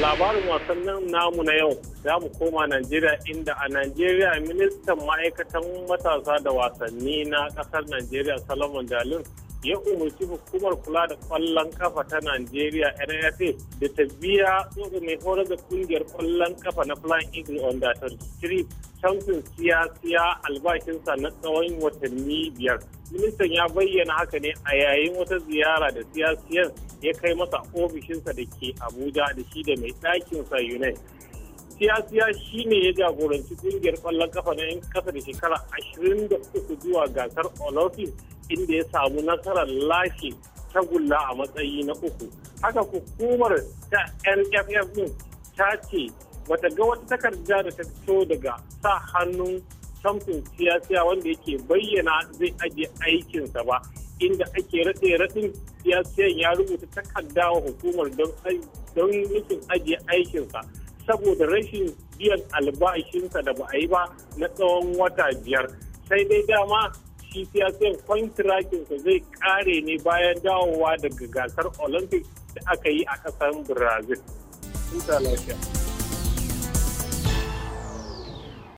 labarin wasannin namu na yau za mu koma Najeriya inda a Najeriya ministan ma'aikatan matasa da wasanni na ƙasar Najeriya salomon Jalil ya umarci hukumar kula da kwallon kafa ta Najeriya NFA da ta biya tsoho mai horar da kungiyar kwallon kafa na Flying Eagle the 23 canfin siyasiya albashinsa na tsawon watanni biyar. Ministan ya bayyana haka ne a yayin wata ziyara da siyasiyar ya kai masa ofishinsa da ke Abuja da shi da mai ɗakinsa Unai. siyasiya shi ne ya jagoranci kungiyar kwallon kafa na 'yan kasa da shekara 23 zuwa gasar olympics inda ya samu nasarar lashe tagulla a matsayi na uku haka hukumar ta nff din ta ce bata ga wata takarda da ta fito daga sa hannun samfin siyasa wanda yake bayyana zai ajiye aikinsa ba inda ake rate raɗin siyasiyan ya rubuta takarda wa hukumar don nufin ajiye aikinsa saboda rashin biyan albashinsa da ba a yi ba na tsawon wata biyar sai dai dama shi siyasar kwantirakin sa zai kare ne bayan dawowa daga gasar olympics da aka yi a kasar brazil.